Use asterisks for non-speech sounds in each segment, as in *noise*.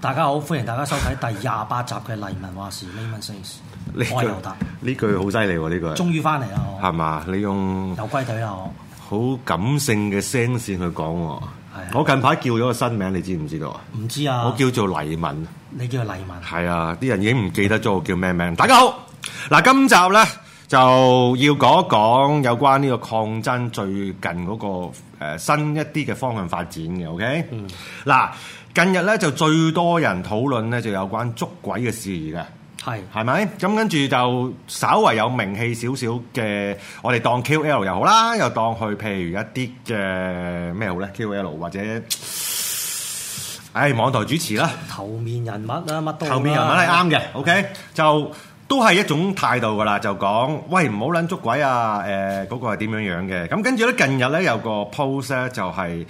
大家好，歡迎大家收睇第廿八集嘅《黎民話事》文，黎民尤達，呢句好犀利喎，呢句。終於翻嚟啦，係嘛、啊嗯？你用有歸隊啦，好感性嘅聲線去講、啊。我近排叫咗個新名，你知唔知道啊？唔知啊。我叫做黎民，你叫黎民。係啊，啲人已經唔記得咗我叫咩名。大家好，嗱，今集咧就要講一講有關呢個抗爭最近嗰個誒新一啲嘅方向發展嘅，OK？嗱、嗯。近日咧就最多人討論咧就有關捉鬼嘅事嘅，係係咪？咁跟住就稍為有名氣少少嘅，我哋當 QL 又好啦，又當去譬如一啲嘅咩好咧？QL 或者，唉，網台主持啦，頭面人物啦，乜都係。頭面人物係啱嘅。OK，就都係一種態度噶啦，就講喂，唔好撚捉鬼啊！誒，嗰個係點樣樣嘅？咁跟住咧，近日咧有個 post 咧，就係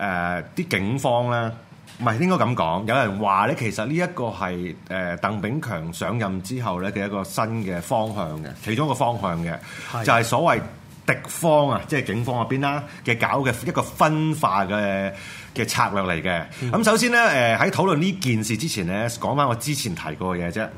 誒啲警方咧。唔係應該咁講，有人話咧，其實呢一個係誒鄧炳強上任之後咧嘅一個新嘅方向嘅，其中一個方向嘅，是的就係所謂敵方啊，即係警方嗰邊啦嘅搞嘅一個分化嘅嘅策略嚟嘅。咁、嗯、首先咧，誒喺討論呢件事之前咧，講返我之前提過嘅嘢啫，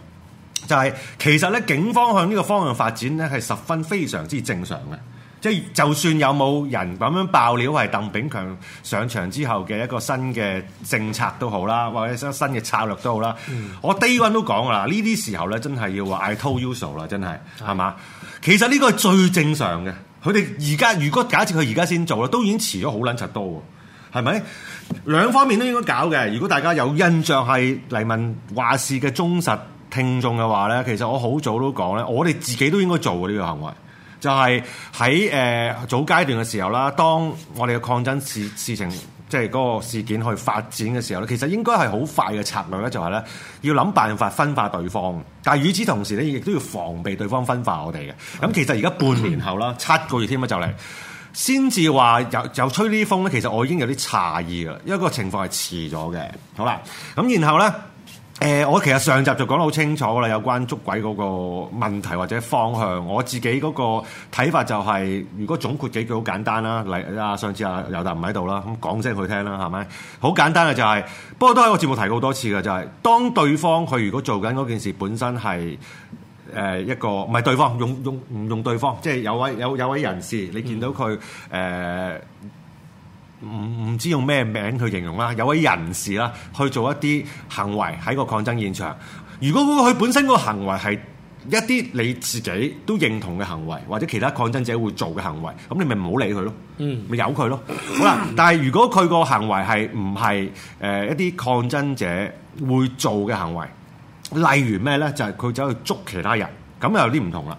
就係、是、其實咧警方向呢個方向發展咧係十分非常之正常嘅。即係就算有冇人咁樣爆料係鄧炳強上場之後嘅一個新嘅政策都好啦，或者新新嘅策略都好啦、嗯，我 Day One 都講噶啦，呢啲時候咧真係要嗌 I told you so 啦，真係係嘛？其實呢個係最正常嘅。佢哋而家如果假設佢而家先做咧，都已經遲咗好撚柒多喎，係咪？兩方面都應該搞嘅。如果大家有印象係黎民話事嘅忠實聽眾嘅話咧，其實我好早都講咧，我哋自己都應該做嘅呢個行為。就係喺誒早階段嘅時候啦，當我哋嘅抗爭事事情即係嗰個事件去發展嘅時候咧，其實應該係好快嘅策略咧，就係咧要諗辦法分化對方。但係與此同時咧，亦都要防備對方分化我哋嘅。咁、嗯、其實而家半年後啦、嗯，七個月添啦，就嚟先至話又又吹呢啲風咧。其實我已經有啲詫異啦，因為個情況係遲咗嘅。好啦，咁然後咧。誒、呃，我其實上集就講得好清楚啦，有關捉鬼嗰個問題或者方向，我自己嗰個睇法就係、是，如果總括幾句好簡單啦，例啊上次啊尤達唔喺度啦，咁講聲佢聽啦，係咪？好簡單嘅就係、是，不過都喺我節目提過好多次嘅就係、是，當對方佢如果做緊嗰件事本身係誒一個，唔係對方用、用唔用對方，即、就、係、是、有位有、有位人士，你見到佢誒。嗯呃唔唔知用咩名去形容啦，有位人士啦去做一啲行為喺個抗爭現場。如果嗰個佢本身個行為係一啲你自己都認同嘅行為，或者其他抗爭者會做嘅行為，咁你咪唔好理佢咯，嗯，咪由佢咯。好啦，但係如果佢個行為係唔係誒一啲抗爭者會做嘅行為，例如咩呢？就係佢走去捉其他人，咁有啲唔同啦。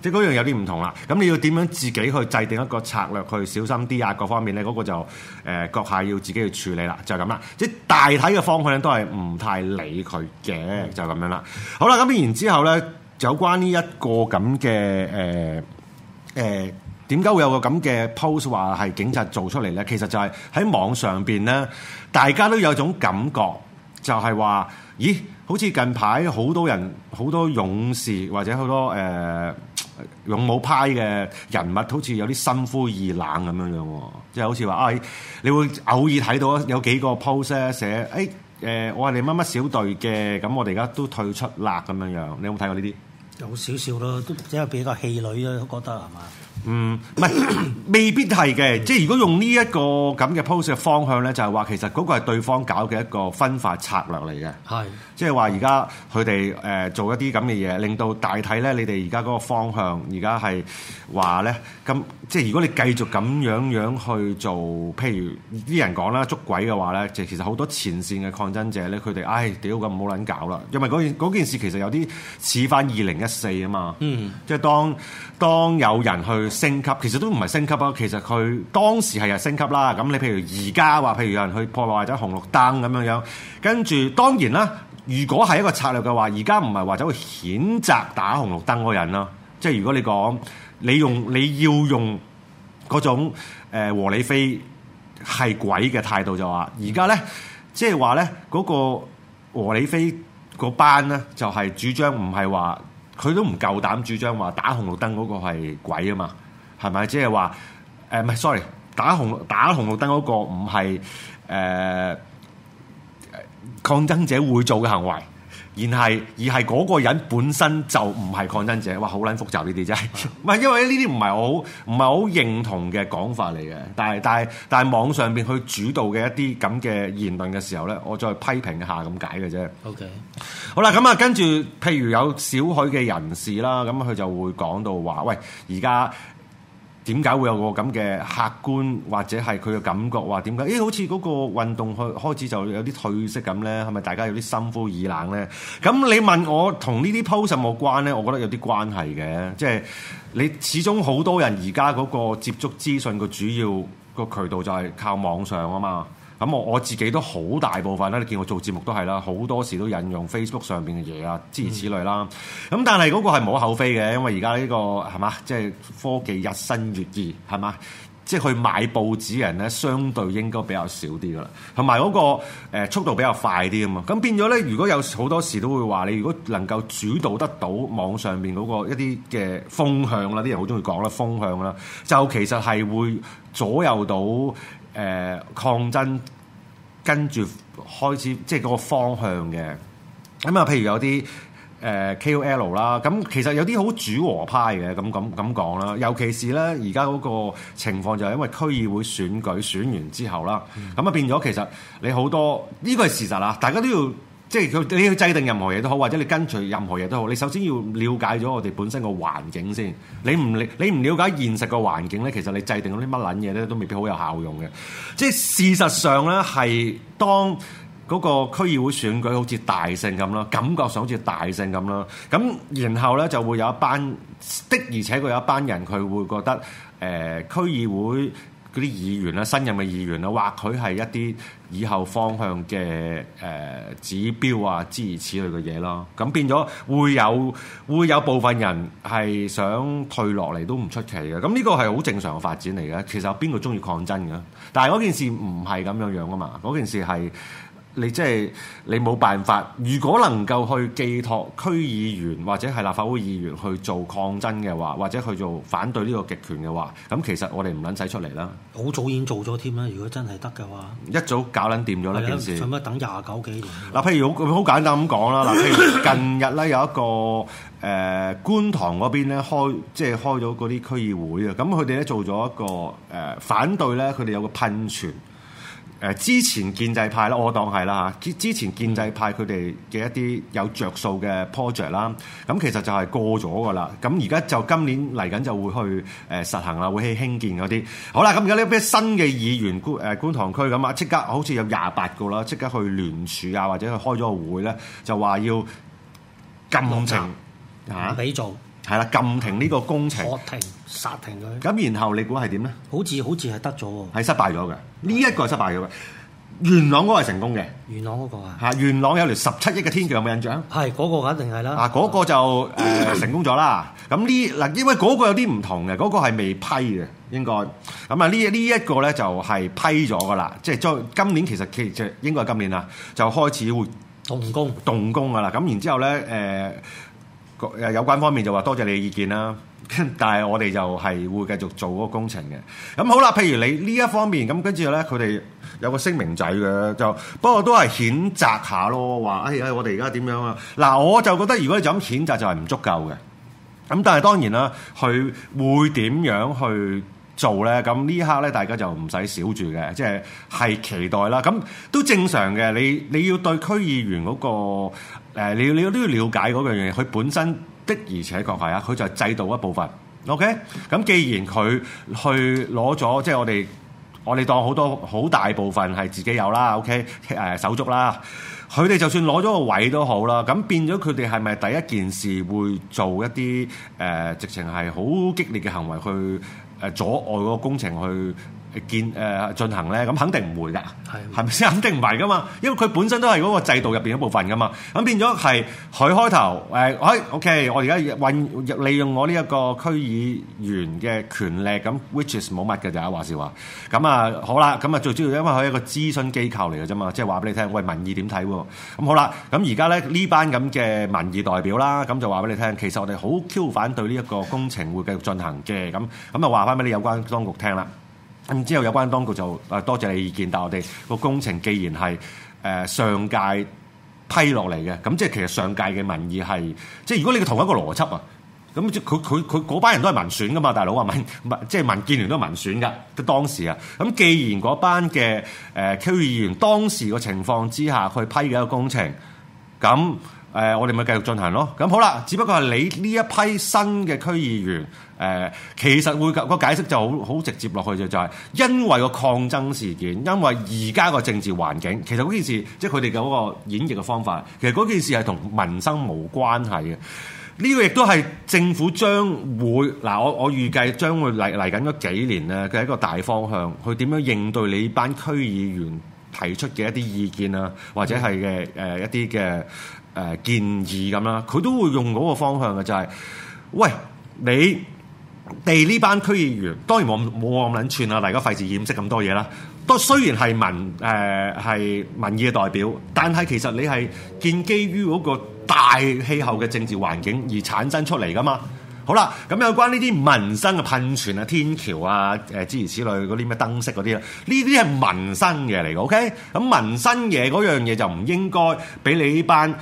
即係嗰樣有啲唔同啦，咁你要點樣自己去制定一個策略，去小心啲啊，各方面咧，嗰個就誒閣下要自己去處理啦，就係咁啦。即係大體嘅方向咧，都係唔太理佢嘅，就係咁樣啦。好啦，咁然之後咧，有關呢一個咁嘅誒誒，點解會有個咁嘅 post 話係警察做出嚟咧？其實就係喺網上邊咧，大家都有一種感覺，就係話，咦？好似近排好多人，好多勇士或者好多、呃、勇武派嘅人物，好似有啲心灰意冷咁樣樣，即係好似話唉，你會偶爾睇到有幾個 post 寫，誒、哎呃、我係你乜乜小隊嘅，咁我哋而家都退出啦咁樣樣，你有冇睇過呢啲？有少少咯，都即係比較氣餒都覺得係嘛？嗯，唔係未必係嘅，即係如果用呢、這、一個咁嘅 post 嘅方向咧，就係、是、話其實嗰個係對方搞嘅一個分化策略嚟嘅。係，即係話而家佢哋誒做一啲咁嘅嘢，令到大體咧，你哋而家個方向而家係話咧，咁即係如果你繼續咁樣這樣去做，譬如啲人講啦，捉鬼嘅話咧，就其實好多前綫嘅抗爭者咧，佢哋唉，屌咁冇捻撚搞啦，因為嗰件嗰件事其實有啲似翻二零一四啊嘛。嗯，即係當當有人去。升級其實都唔係升級啊，其實佢當時係啊升級啦。咁你譬如而家話，譬如有人去破壞咗紅綠燈咁樣樣，跟住當然啦，如果係一個策略嘅話，而家唔係話走去譴責打紅綠燈嗰人咯。即係如果你講你用你要用嗰種、呃、和理非係鬼嘅態度就話，而家咧即係話咧嗰個和理非嗰班咧就係、是、主張唔係話。佢都唔夠膽主張話打紅綠燈 𠮶 個係鬼啊嘛，係咪？即係話誒，唔係，sorry，打紅打紅綠燈 𠮶 個唔係誒誒抗爭者會做嘅行為。然係，而係嗰個人本身就唔係抗爭者，哇！好撚複雜呢啲啫，唔係因為呢啲唔係我好唔係好認同嘅講法嚟嘅，但係但係但係網上邊去主導嘅一啲咁嘅言論嘅時候呢，我再批評一下咁解嘅啫。OK，好啦，咁啊，跟住，譬如有少許嘅人士啦，咁佢就會講到話，喂，而家。點解會有個咁嘅客觀或者係佢嘅感覺話點解？咦、欸，好似嗰個運動開始就有啲褪色咁呢？係咪大家有啲心灰意冷呢？咁你問我同呢啲 post 冇關呢？我覺得有啲關係嘅，即係你始終好多人而家嗰個接觸資訊個主要個渠道就係靠網上啊嘛。咁我我自己都好大部分啦，你見我做節目都係啦，好多時都引用 Facebook 上面嘅嘢啊，諸如此類啦。咁、嗯、但係嗰個係冇可厚非嘅，因為而家呢個係嘛，即係、就是、科技日新月異係嘛，即係、就是、去買報紙嘅人咧，相對應該比較少啲噶啦。同埋嗰個速度比較快啲啊嘛。咁變咗咧，如果有好多時都會話，你如果能夠主導得到網上面嗰個一啲嘅風向啦，啲人好中意講啦風向啦，就其實係會左右到。誒、呃、抗爭跟住開始，即係嗰個方向嘅。咁、嗯、啊，譬如有啲誒、呃、KOL 啦，咁其實有啲好主和派嘅，咁咁咁講啦。尤其是咧，而家嗰個情況就係因為區議會選舉選完之後啦，咁、嗯、啊變咗其實你好多呢、呢個係事實啦，大家都要。即係佢，你要制定任何嘢都好，或者你跟隨任何嘢都好，你首先要了解咗我哋本身個環境先。你唔你唔了解現實個環境咧，其實你制定嗰啲乜撚嘢咧，都未必好有效用嘅。即係事實上咧，係當嗰個區議會選舉好似大勝咁囉，感覺上好似大勝咁囉。咁然後咧就會有一班的，而且佢有一班人，佢會覺得誒、呃、區議會。啲議員啦，新任嘅議員啦，或佢係一啲以後方向嘅誒、呃、指標啊，諸如此類嘅嘢咯。咁變咗會有會有部分人係想退落嚟都唔出奇嘅。咁呢個係好正常嘅發展嚟嘅。其實有邊個中意抗爭嘅？但係嗰件事唔係咁樣樣啊嘛。嗰件事係。你即係你冇辦法。如果能夠去寄託區議員或者係立法會議員去做抗爭嘅話，或者去做反對呢個極權嘅話，咁其實我哋唔撚使出嚟啦。好早已經做咗添啦。如果真係得嘅話，一早搞撚掂咗呢件事。使乜等廿九幾年？嗱，譬如好好簡單咁講啦。嗱，譬如近日咧有一個誒觀、 *laughs* 呃、塘嗰邊咧開，即係開咗嗰啲區議會啊。咁佢哋咧做咗一個誒、呃、反對咧，佢哋有個噴泉。誒之前建制派啦，我當係啦嚇。之前建制派佢哋嘅一啲有着數嘅 project 啦，咁其實就係過咗噶啦。咁而家就今年嚟緊就會去誒實行啦，會去興建嗰啲。好啦，咁而家呢啲新嘅議員觀誒觀塘區咁啊，即刻好似有廿八個啦，即刻去聯署啊，或者去開咗個會咧，就話要禁紅茶嚇，唔俾做。啊係啦，禁停呢個工程，停殺停佢。咁然後你估係點咧？好似好似係得咗喎。係失敗咗嘅，呢一個係失敗咗嘅。元朗嗰個係成功嘅。元朗嗰個啊？吓，元朗有條十七億嘅天橋，有冇印象？係嗰、嗰個肯定係啦。嗱，嗰個就誒、呃、成功咗啦。咁呢嗱，因為嗰個有啲唔同嘅，嗰、嗰個係未批嘅，應該。咁啊，呢呢一個咧就係批咗噶啦，即係今年其實其實應該係今年啦，就開始會動工動工噶啦。咁然之後咧，誒、呃。有關方面就話多謝你嘅意見啦，但係我哋就係會繼續做嗰個工程嘅。咁好啦，譬如你呢一方面，咁跟住呢，佢哋有個聲明仔嘅，就不過都係譴責下咯，話哎呀，我哋而家點樣啊？嗱，我就覺得如果你有咁譴責就係唔足夠嘅。咁但係當然啦，佢會點樣去做呢？咁呢刻呢，大家就唔使少住嘅，即係係期待啦。咁都正常嘅，你你要對區議員嗰個。誒，你你都要了解嗰樣嘢，佢本身的而且確係啊，佢就係制度一部分。OK，咁既然佢去攞咗，即係我哋我哋當好多好大部分係自己有啦。OK，誒手足啦，佢哋就算攞咗個位都好啦，咁變咗佢哋係咪第一件事會做一啲誒、呃，直情係好激烈嘅行為去誒阻礙個工程去建誒、呃、進行咧，咁肯定唔會㗎，係咪先？肯定唔係㗎嘛，因為佢本身都係嗰個制度入面一部分㗎嘛。咁變咗係佢開頭誒，哎、欸、OK，我而家運利用我呢一個區議員嘅權力，咁 which is 冇乜嘅就話是話。咁啊，好啦，咁啊最主要因為佢係一個諮詢機構嚟㗎啫嘛，即係話俾你聽，喂民意點睇喎？咁好啦，咁而家咧呢班咁嘅民意代表啦，咁就話俾你聽，其實我哋好 Q 反對呢一個工程會繼續進行嘅。咁咁啊，話翻俾你有關當局聽啦。咁之後有關當局就，誒，多謝你意見，但係我哋個工程既然係誒，上屆批落嚟嘅，咁即係其實上屆嘅民意係，即係如果你嘅同一個邏輯啊，咁即佢佢佢嗰班人都係民選噶嘛，大佬啊，民民即係民建聯都係民選噶，當時啊，咁既然嗰班嘅，誒，區議員當時個情況之下去批嘅一個工程，咁。誒、呃，我哋咪繼續進行咯。咁好啦，只不過係你呢一批新嘅區議員，誒、呃，其實會、個解釋就好好直接落去嘅就係、是、因為個抗爭事件，因為而家個政治環境，其實嗰件事，即係佢哋嘅嗰個演繹嘅方法，其實嗰件事係同民生冇關係嘅。呢、呢個亦都係政府將會嗱、呃，我我預計將會嚟嚟緊咗幾年咧嘅一個大方向，佢點樣應對你班區議員提出嘅一啲意見啊，或者係嘅一啲嘅。嗯呃誒、呃、建議咁啦，佢都會用嗰個方向嘅就係、是，喂你哋呢班區議員，當然我冇我咁撚串啦，大家費事掩飾咁多嘢啦。都雖然係民誒係、呃、民意嘅代表，但係其實你係建基於嗰個大氣候嘅政治環境而產生出嚟噶嘛。好啦，咁有關呢啲民生嘅噴泉啊、天橋啊、誒、呃、諸如此類嗰啲咩燈飾嗰啲啦，呢啲係民生嘢嚟嘅。OK，咁民生嘢嗰樣嘢就唔應該俾你呢班。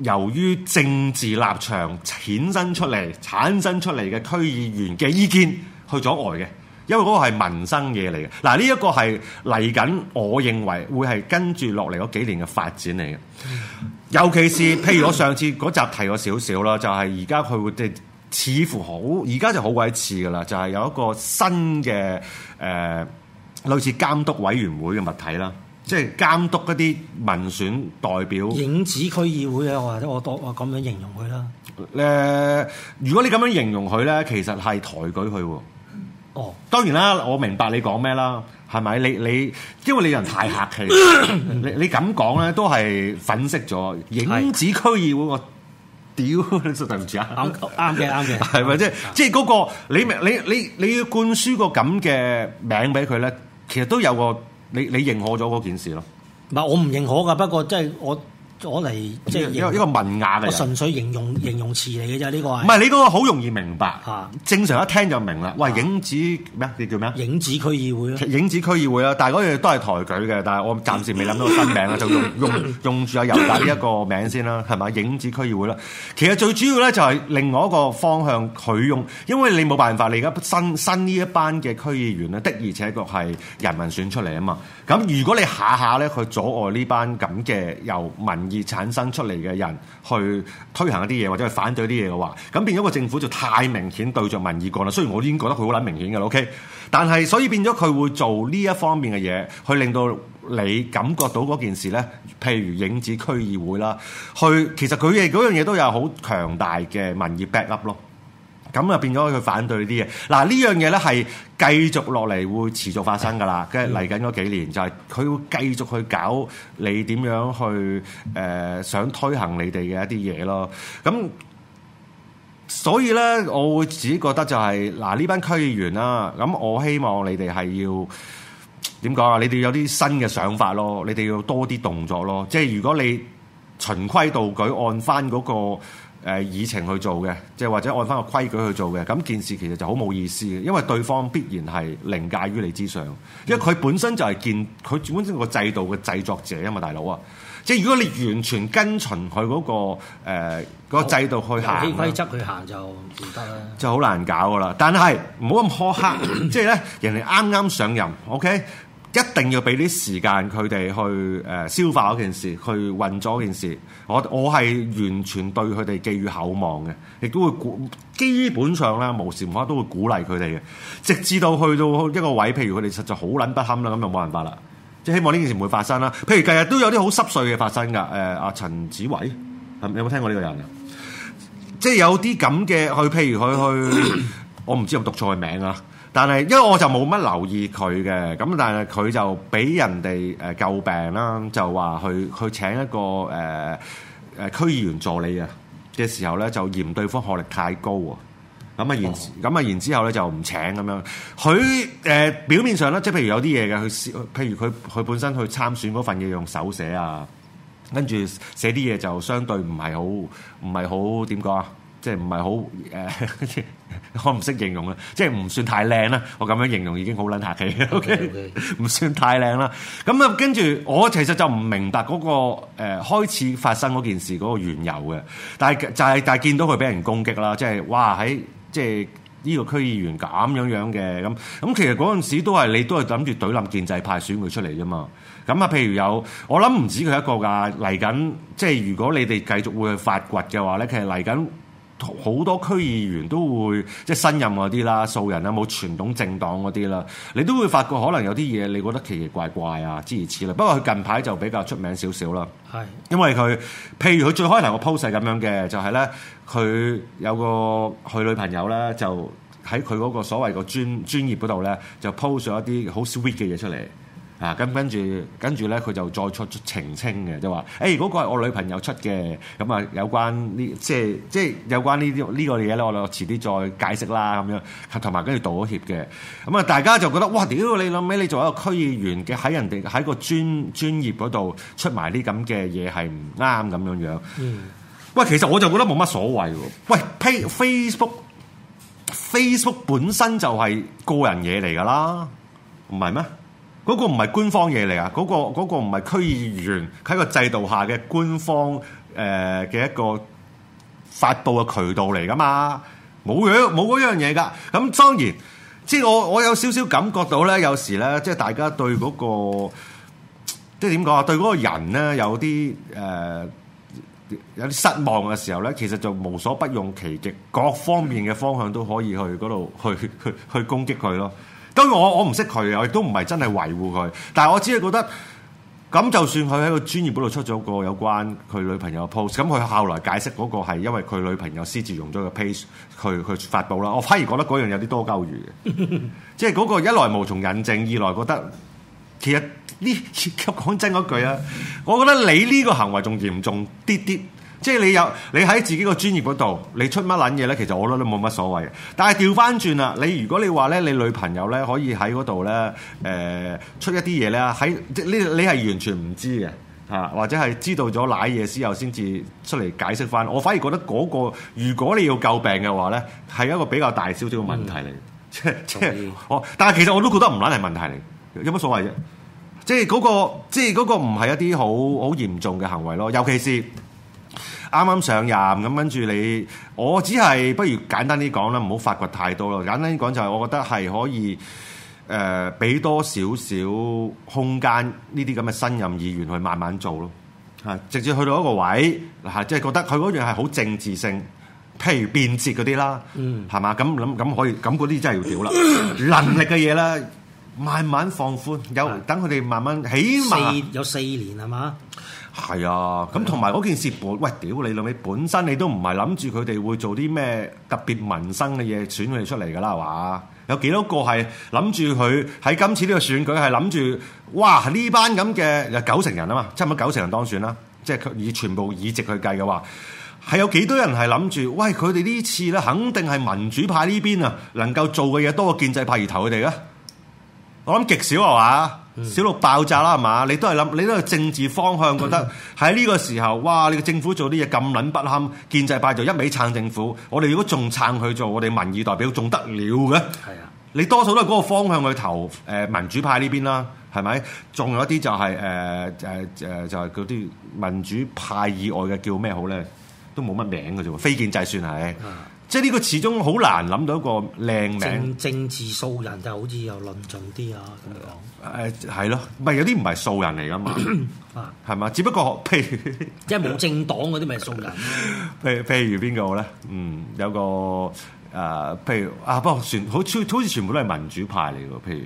由於政治立場衍生出嚟、產生出嚟嘅區議員嘅意見去阻礙嘅，因為嗰個係民生嘢嚟嘅。嗱，呢一個係嚟緊，我認為會係跟住落嚟嗰幾年嘅發展嚟嘅。尤其是譬如我上次嗰集提過少少啦，就係而家佢哋似乎好，而家就好鬼似噶啦，就係、是、有一個新嘅誒、呃，類似監督委員會嘅物體啦。即係監督一啲民選代表，影子區議會啊，或者我多我咁樣形容佢啦。誒、呃，如果你咁樣形容佢咧，其實係抬舉佢喎。哦，當然啦，我明白你講咩啦，係咪？你你因為你人太客氣， *coughs* 你你咁講咧都係粉飾咗影子區議會。我屌，你真係對唔住啊？啱啱嘅，啱 *laughs* 嘅，係咪、嗯？即係即係嗰個你明、嗯？你你你，你要灌輸個咁嘅名俾佢咧，其實都有個。你你認可咗嗰件事咯？唔係我唔認可㗎，不過即係、就是、我。攞嚟即係一個一個文雅嘅純粹形容形容詞嚟嘅啫，呢個係唔係你嗰個好容易明白嚇？啊，正常一聽就明啦。喂，影子咩？啊、你叫咩啊？影子區議會，影子區議會啦。但係嗰樣都係抬舉嘅。但係我暫時未諗到個新名啊，就用用用住阿尤達呢一個名先啦，係咪？影子區議會啦。 *laughs* 其實最主要咧就係另外一個方向用，佢用因為你冇辦法，你而家新新呢一班嘅區議員咧的而且確係人民選出嚟啊嘛。咁如果你下下咧去阻礙呢班咁嘅又民而產生出嚟嘅人去推行一啲嘢，或者去反對啲嘢嘅話，咁變咗個政府就太明顯對着民意講啦。雖然我已經覺得佢好撚明顯嘅啦，OK，但係所以變咗佢會做呢一方面嘅嘢，去令到你感覺到嗰件事咧，譬如影子區議會啦，去其實佢嘅嗰樣嘢都有好強大嘅民意 back up 咯。咁啊，變咗佢反對啲嘢。嗱，呢樣嘢咧係繼續落嚟，會持續發生噶啦。跟住嚟緊嗰幾年，就係佢會繼續去搞你點樣去誒、呃、想推行你哋嘅一啲嘢咯。咁、啊、所以咧，我會自己覺得就係、是、嗱，呢、啊、班區議員啦、啊，咁我希望你哋係要點講啊？你哋有啲新嘅想法咯，你哋要多啲動作咯。即係如果你循規蹈矩按翻、那、嗰個。誒議程去做嘅，即係或者按翻個規矩去做嘅，咁件事其實就好冇意思嘅，因為對方必然係凌駕於你之上，因為佢本身就係見佢本身個制度嘅製作者啊嘛，大佬啊，即係如果你完全跟循佢嗰個誒個制度去行規則去行就唔得啦，就好難搞噶啦。但係唔好咁苛刻，即係咧， *coughs* 就是、人哋啱啱上任，OK。一定要俾啲時間佢哋去誒、呃、消化嗰件事，去運作件事。我我係完全對佢哋寄予厚望嘅，亦都會鼓基本上咧無時無刻都會鼓勵佢哋嘅，直至到去到一個位，譬如佢哋實在好撚不堪啦，咁就冇辦法啦。即希望呢件事唔會發生啦。譬如近日都有啲好濕碎嘅發生㗎。誒、呃、阿陳子偉，你有冇聽過呢個人啊？即有啲咁嘅去，譬如佢去，去 *coughs* 我唔知有冇讀錯名啊？但係，因為我就冇乜留意佢嘅，咁但係佢就俾人哋誒詬病啦，就話去佢請一個誒誒、呃、區議員助理啊嘅時候咧，就嫌對方學歷太高啊，咁啊然咁啊、哦、然之後咧就唔請咁樣。佢誒、呃、表面上咧，即係譬如有啲嘢嘅，佢譬如佢佢本身去參選嗰份嘢用手寫啊，跟住寫啲嘢就相對唔係好唔係好點講啊？不是很即係唔係好誒？我唔識形容啦，即係唔算太靚啦。我咁樣形容已經好撚客氣，OK？唔算太靚啦。咁啊，跟住我其實就唔明白嗰個誒開始發生嗰件事嗰個緣由嘅。但係就係但係見到佢俾人攻擊啦，即係哇！喺即係呢個區議員咁樣樣嘅咁咁，其實嗰陣時都係你都係諗住懟冧建制派選佢出嚟啫嘛。咁啊，譬如有我諗唔止佢一個㗎，嚟緊即係如果你哋繼續會去發掘嘅話咧，其實嚟緊。好多區議員都會即係新任嗰啲啦，素人啊，冇傳統政黨嗰啲啦，你都會發覺可能有啲嘢你覺得奇奇怪怪啊，諸如此類。不過佢近排就比較出名少少啦，係因為佢譬如佢最開頭個 post 係咁樣嘅，就係咧佢有個佢女朋友咧就喺佢嗰個所謂個專專業嗰度咧就 post 咗一啲好 sweet 嘅嘢出嚟。啊，咁跟住，跟住咧，佢就再出澄清嘅，就話：，誒，嗰個係我女朋友出嘅，咁啊，有關呢，即係即係有關呢啲呢個嘢咧，我我遲啲再解釋啦，咁樣，同埋跟住道歉嘅，咁啊，大家就覺得，哇，屌！你諗起你做一個區議員嘅，喺人哋喺個專專業嗰度出埋啲咁嘅嘢，係唔啱咁樣樣。嗯。喂，其實我就覺得冇乜所謂喎。喂，Face Facebook Facebook 本身就係個人嘢嚟噶啦，唔係咩？嗰個唔係官方嘢嚟啊！嗰個嗰個唔係區議員喺個制度下嘅官方誒嘅、呃、一個發佈嘅渠道嚟噶嘛？冇嘢，冇嗰樣嘢噶。咁當然，即係我我有少少感覺到咧，有時咧，即係大家對嗰個即係點講啊？對嗰個人咧有啲誒、呃、有啲失望嘅時候咧，其實就無所不用其極，各方面嘅方向都可以去嗰度去去去攻擊佢咯。所以我我唔識佢，我亦都唔係真係維護佢，但係我只係覺得咁，就算佢喺個專業簿度出咗個有關佢女朋友嘅 post，咁佢後來解釋嗰個係因為佢女朋友私自用咗個 page，去佢發布啦，我反而覺得嗰樣有啲多鳩餘嘅， *laughs* 即係嗰個一來無從引證，二來覺得其實呢，要講真嗰句啊，我覺得你呢個行為仲嚴重啲啲。一點點即係你有你喺自己個專業嗰度，你出乜撚嘢咧？其實我覺得都冇乜所謂。但係調翻轉啦，你如果你話咧，你女朋友咧可以喺嗰度咧，誒、呃、出一啲嘢咧，喺即係你你係完全唔知嘅嚇、啊，或者係知道咗瀨嘢之後先至出嚟解釋翻。我反而覺得嗰、那個如果你要救病嘅話咧，係一個比較大少少嘅問題嚟、嗯，即、嗯、即係我。但係其實我都覺得唔撚係問題嚟，有乜所謂啫？即係、那、嗰個即係嗰個唔係一啲好好嚴重嘅行為咯，尤其是。啱啱上任咁，跟住你，我只係不如簡單啲講啦，唔好發掘太多咯。簡單啲講就係，我覺得係可以誒俾、呃、多少少空間呢啲咁嘅新任議員去慢慢做咯。嚇，直接去到一個位嚇，即係、就是、覺得佢嗰樣係好政治性，譬如變節嗰啲啦，係、嗯、嘛？咁咁咁可以，咁嗰啲真係要屌啦。嗯、能力嘅嘢啦，慢慢放寬，有等佢哋慢慢起碼四有四年係嘛？是係啊，咁同埋嗰件事本，喂屌你老味，本身你都唔係諗住佢哋會做啲咩特別民生嘅嘢，選佢哋出嚟噶啦，係嘛？有幾多個係諗住佢喺今次呢個選舉係諗住，哇，呢班咁嘅九成人啊嘛，差唔多九成人當選啦，即係以全部議席去計嘅話，係有幾多人係諗住，喂，佢哋呢次咧肯定係民主派呢邊啊，能夠做嘅嘢多過建制派而投佢哋啊，我諗極少係嘛。小六爆炸啦，係嘛？你都係諗，你都係政治方向覺得喺呢個時候，哇！你個政府做啲嘢咁撚不堪，建制派就一味撐政府。我哋如果仲撐佢做我哋民意代表，仲得了嘅？係啊！你多數都係嗰個方向去投誒民主派呢邊啦，係咪？仲有一啲就係、是、誒、呃呃、就係嗰啲民主派以外嘅叫咩好咧？都冇乜名㗎啫喎，非建制算係。即係呢個始終好難諗到一個靚名。政政治素人就好似又論盡啲啊，咁樣講。誒係咯，唔係有啲唔係素人嚟噶嘛，係嘛？ *coughs* 只不過譬如，即係冇政黨嗰啲咪素人。譬如譬如邊個咧？嗯，有個。誒、啊，譬如啊，不過全好超，好似全部都係民主派嚟㗎。譬如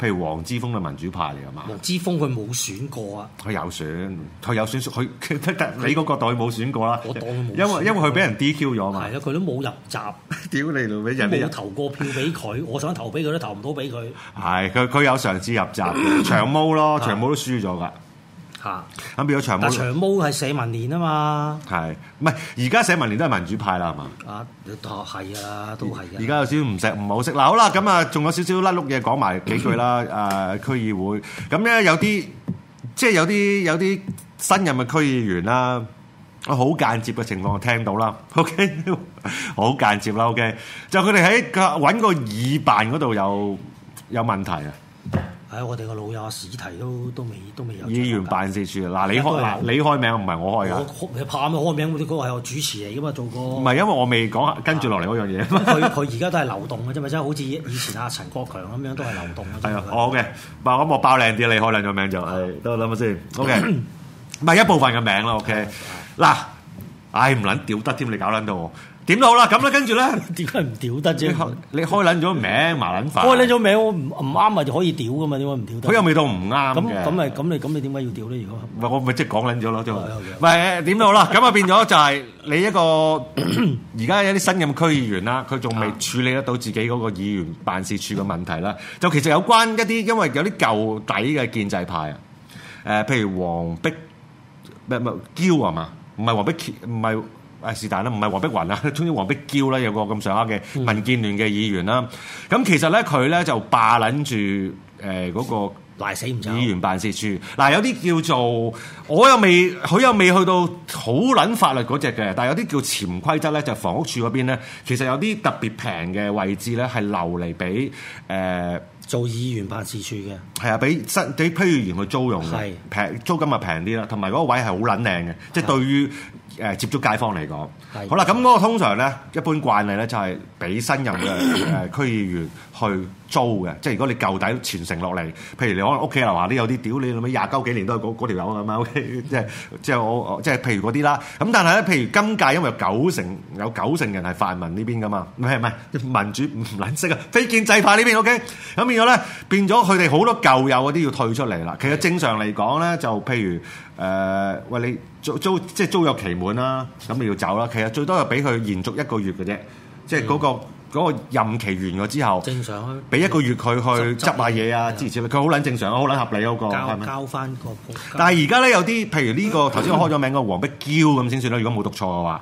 譬如黃之鋒都民主派嚟㗎嘛。黃之鋒佢冇選過啊。佢有選佢有選選，佢得你嗰個當冇選過啦、啊。我當都冇、啊。因為因為佢俾人 DQ 咗嘛。係啊，佢都冇入閘。屌你老尾，冇投過票俾佢， *laughs* 我想投俾佢都投唔到俾佢。係佢佢有嘗試入閘， *laughs* 長毛咯，長毛都輸咗㗎。嚇！咁變咗長毛。但係長毛係社民連啊嘛。係，唔係而家社民連都係民主派啦，係嘛？啊，係啊，都係啊。而家有少少唔識唔好識。嗱，好啦，咁啊，仲有少少甩碌嘢講埋幾句啦。誒，區議會咁咧，有啲即係有啲有啲新任嘅區議員啦，我好間接嘅情況聽到啦。OK，好間接啦。OK，就佢哋喺揾個議辦嗰度有有問題啊。哎、我哋個老友史提都都未都未有。議員辦事處嗱，啊，你開嗱，你開名唔係我開噶。我唔怕咩開名嗰啲，嗰個係我主持嚟噶嘛，做過。唔係，因為我未講跟住落嚟嗰樣嘢。佢佢而家都係流動嘅啫嘛，即係好似以前阿陳國強咁樣都係流動。係啊，okay, 嗯嗯，我好嘅，嗱我我爆靚啲，你開兩個名就係，等我諗下先。OK，唔係 *coughs* 一部分嘅名啦。OK，嗱， *coughs* 啊，唉唔撚屌得添，你搞撚到我點都好啦，咁咧跟住咧，點解唔屌得啫？你開你開撚咗名麻撚煩。開撚咗名，我唔唔啱咪就可以屌噶嘛？點解唔屌得？佢又未到唔啱嘅。咁咁咪咁你咁你點解要屌咧？如果唔係我咪即係講撚咗咯，即係。唔係點都好啦，咁啊變咗就係你一個而家有啲新任區議員啦，佢仲未處理得到自己嗰個議員辦事處嘅問題啦。就其實有關一啲因為有啲舊底嘅建制派啊，誒譬如黃碧咩咩嬌啊嘛，唔係黃碧嬌唔係。啊，是但啦，唔係黃碧雲啊，總之黃碧嬌啦，有個咁上下嘅民建聯嘅議員啦。咁、嗯、其實咧，佢咧就霸撚住誒嗰個賴死唔走議員辦事處。嗱，有啲叫做我又未，佢又未去到好撚法律嗰隻嘅。但係有啲叫潛規則咧，就是、房屋署嗰邊咧，其實有啲特別平嘅位置咧，係留嚟俾誒做議員辦事處嘅。係啊，俾身俾批議員去租用嘅，平租金咪平啲啦。同埋嗰個位係好撚靚嘅，即係、就是、對於。誒接觸街坊嚟講，好啦，咁嗰個通常咧，一般慣例咧就係俾新任嘅誒區議員。 *coughs* 去租嘅，即係如果你舊底傳承落嚟，譬如你可能屋企樓下都有啲屌你咪廿九幾年都係嗰嗰條友咁啊！O K，即係即係我，我即係譬如嗰啲啦。咁但係咧，譬如今屆因為有九成有九成人係泛民呢邊噶嘛，唔係唔係民主唔撚識啊，非建制派呢邊 O K。咁變咗咧，變咗佢哋好多舊友嗰啲要退出嚟啦。其實正常嚟講咧，就譬如誒、呃，喂你租租即係租約期滿啦，咁你要走啦。其實最多又俾佢延續一個月嘅啫，即係、那、嗰個。嗰、那個任期完咗之後，正常，俾一個月佢去執下嘢啊，之持佢好撚正常，好撚合理嗰、那個，係咪？交交翻個國家。但係而家咧有啲，譬如呢、這個頭先、欸、我開咗名個黃碧嬌咁先算啦。如果冇讀錯嘅話，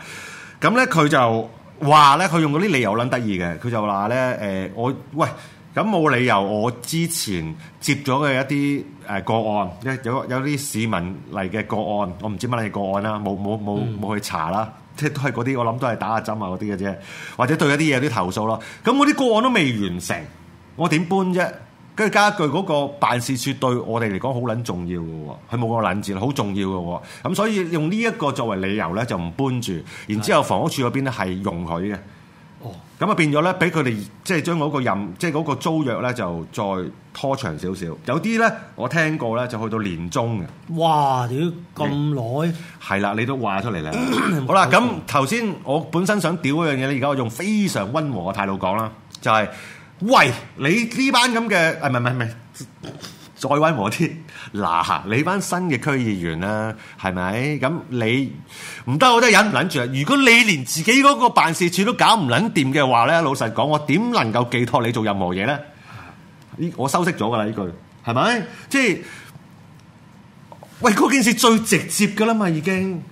咁咧佢就話咧，佢用嗰啲理由撚得意嘅。佢就話咧、呃，我喂咁冇理由，我之前接咗嘅一啲誒個案，有有啲市民嚟嘅個案，我唔知乜嘢個案啦，冇冇冇冇去查啦。嗯即係都係嗰啲，我諗都係打下針啊嗰啲嘅啫，或者對一啲嘢有啲投訴咯。咁我啲個案都未完成，我點搬啫？跟住加句嗰個辦事處對我哋嚟講好撚重要嘅喎，佢冇個撚字，好重要嘅喎。咁所以用呢一個作為理由咧，就唔搬住。然之後房屋處嗰邊咧係容許嘅。哦，咁啊變咗咧，俾佢哋即係將嗰個任，即係嗰個租約咧，就再拖長少少。有啲咧，我聽過咧，就去到年中嘅。哇！屌咁耐，係啦，你都話出嚟啦。好啦，咁頭先我本身想屌嗰樣嘢，而家我用非常温和嘅態度講啦，就係、是，喂，你呢班咁嘅，誒唔係唔係唔係。再温和啲。嗱、啊，你班新嘅區議員啦、啊，係咪？咁你唔得，我都忍唔撚住啊！如果你連自己嗰個辦事處都搞唔撚掂嘅話咧，老實講，我點能夠寄託你做任何嘢咧？依我修飾咗噶啦，呢句係咪？即係喂，嗰件事最直接噶啦嘛，已經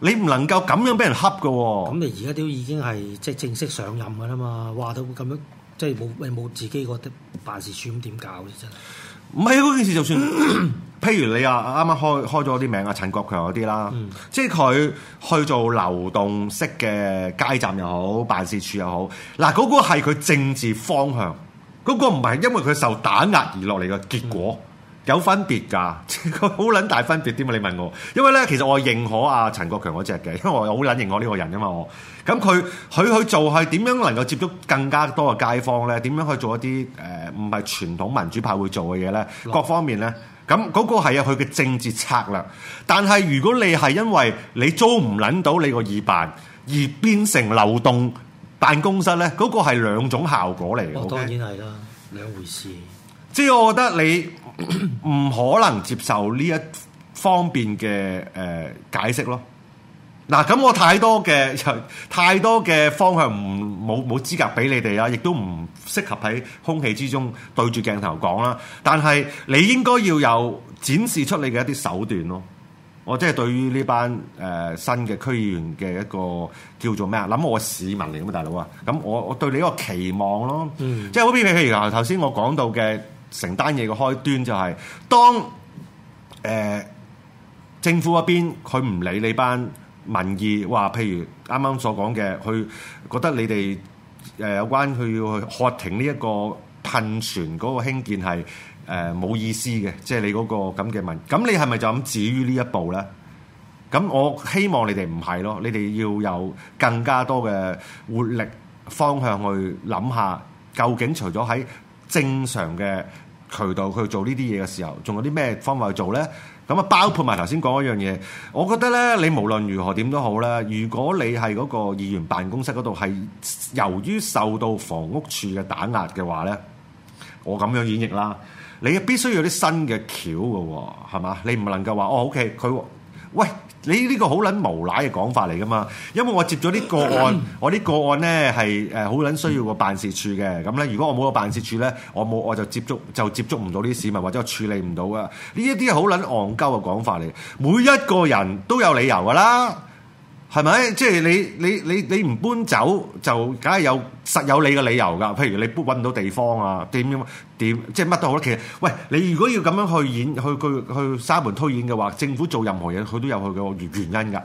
你唔能夠咁樣俾人恰噶喎。咁你而家都已經係即係正式上任噶啦嘛？話到咁樣，即係冇冇自己啲辦事處咁點搞？嘅真係。唔係嗰件事，就算 *coughs* 譬如你啊，啱啱開開咗啲名啊，陳國強嗰啲啦，即係佢去做流動式嘅街站又好，辦事處又好，嗱、那、嗰個係佢政治方向，嗰、那個唔係因為佢受打壓而落嚟嘅結果。嗯有分別㗎，佢好撚大分別啲嘛？你問我，因為咧，其實我認可阿陳國強嗰隻嘅，因為我好撚認可呢個人㗎嘛。我咁佢佢去做係點樣能夠接觸更加多嘅街坊咧？點樣去做一啲誒唔係傳統民主派會做嘅嘢咧？各方面咧，咁嗰、那個係佢嘅政治策略。但係如果你係因為你租唔撚到你個議辦而變成流動辦公室咧，嗰、那個係兩種效果嚟嘅。哦，當然係啦，okay? 兩回事。所以我覺得你唔可能接受呢一方面嘅誒解釋咯。嗱咁我太多嘅太多嘅方向唔冇冇資格俾你哋啦、啊，亦都唔適合喺空氣之中對住鏡頭講啦、啊。但係你應該要有展示出你嘅一啲手段咯。我即係對於呢班誒、呃、新嘅區議員嘅一個叫做咩啊？諗我係市民嚟嘅大佬啊，咁我我對你一個期望咯，嗯、即係好比譬如頭頭先我講到嘅。成單嘢嘅開端就係、是、當誒、呃、政府一邊佢唔理你班民意，話譬如啱啱所講嘅，佢覺得你哋誒有關佢要去喝停呢一個噴泉嗰個興建係誒冇意思嘅，即、就、係、是、你嗰個咁嘅民意，咁你係咪就咁止於呢一步咧？咁我希望你哋唔係咯，你哋要有更加多嘅活力方向去諗下，究竟除咗喺，正常嘅渠道去做呢啲嘢嘅時候，仲有啲咩方法去做呢？咁啊，包括埋頭先講一樣嘢，我覺得呢，你無論如何點都好啦，如果你係嗰個議員辦公室嗰度係由於受到房屋處嘅打壓嘅話呢，我咁樣演繹啦，你必須要有啲新嘅橋嘅喎，係嘛？你唔能夠話哦，OK，佢喂，你呢個好撚無賴嘅講法嚟噶嘛？因為我接咗啲個案，我啲個案咧係誒好撚需要個辦事處嘅，咁咧如果我冇個辦事處咧，我冇我就接觸就接觸唔到啲市民，或者我處理唔到噶。呢一啲好撚戇鳩嘅講法嚟，每一個人都有理由噶啦。係咪？即係你你你你唔搬走就梗係有實有你嘅理由㗎。譬如你揾唔到地方啊，點點即係乜都好啦。其實，喂，你如果要咁樣去演去去去沙門推演嘅話，政府做任何嘢佢都有佢嘅原因㗎。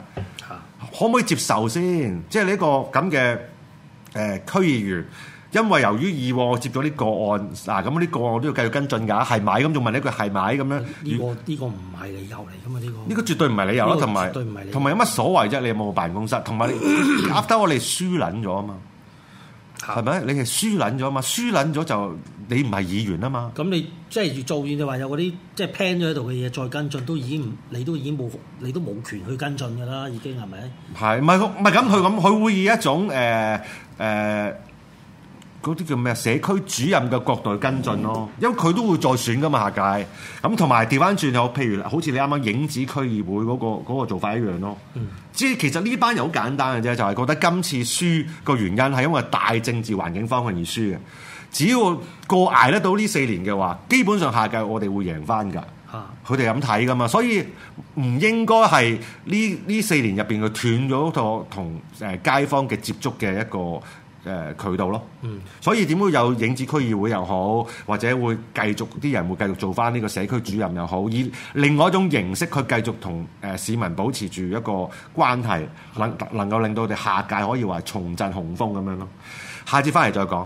可唔可以接受先？即係你一個咁嘅誒區議員。因為由於以往我接咗啲個案，嗱咁呢個案我都要繼續跟進㗎，係買咁，仲問你一句係買咁樣？呢個呢個唔係理由嚟㗎嘛？呢個呢個絕對唔係理由咯，同埋，絕對唔係。同埋有乜所謂啫？ *laughs* 你有冇辦公室，同埋壓得我哋輸撚咗啊嘛，係咪？ *coughs* 你係輸撚咗啊嘛，輸撚咗就你唔係議員啊嘛。咁你即係越做完就話有嗰啲即係 plan 咗喺度嘅嘢，再跟進都已經你都已經冇，你都冇權去跟進㗎啦，已經係咪？係咪？唔係咁佢咁，佢會以一種誒誒。呃呃嗰啲叫咩社區主任嘅角度去跟進咯，因為佢都會再選噶嘛下屆。咁同埋調翻轉頭，譬如好似你啱啱影子區議會嗰個嗰個做法一樣咯。即、嗯、係其實呢班人好簡單嘅啫，就係、是、覺得今次輸個原因係因為大政治環境方向而輸嘅。只要過捱得到呢四年嘅話，基本上下屆我哋會贏翻㗎。佢哋咁睇㗎嘛，所以唔應該係呢呢四年入面佢斷咗個同街坊嘅接觸嘅一個誒渠道咯，所以點會有影子區議會又好，或者會繼續啲人會繼續做翻呢個社區主任又好，以另外一種形式佢繼續同誒市民保持住一個關係，能能夠令到我哋下屆可以話重振雄風咁樣咯。下次翻嚟再講。